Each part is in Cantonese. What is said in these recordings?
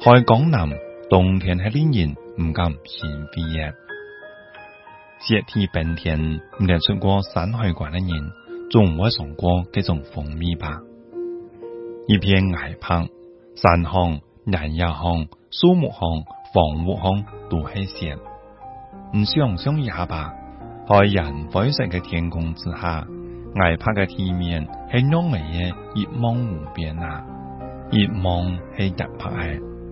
去江南冬天係令人唔敢嫌棄嘅，雪天、冰天唔定出過山海關的人，仲未嘗過這種蜂蜜吧？一片崖柏、山紅、岩也紅、樹木紅、房屋紅，都係雪，唔想像也罷？喺人灰色嘅天空之下，崖柏嘅地面係濃密嘅，一望無邊啊！一望係白拍嘅。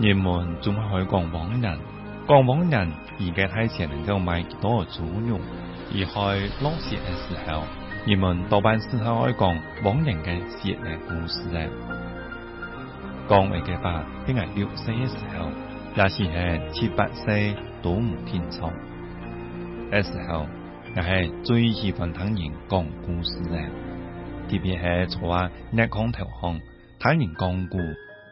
人們仲係講往人，講往人而家睇錢能夠買幾多豬肉，而喺攞錢嘅時候，人們多半先係愛講往年嘅事業嘅故事嘅。講嚟嘅話，喺廿六歲嘅時候，也是係七八歲倒霉天冲，那時候又係最喜歡聽人講故事嘅，特別係坐喺炕頭上，聽人講故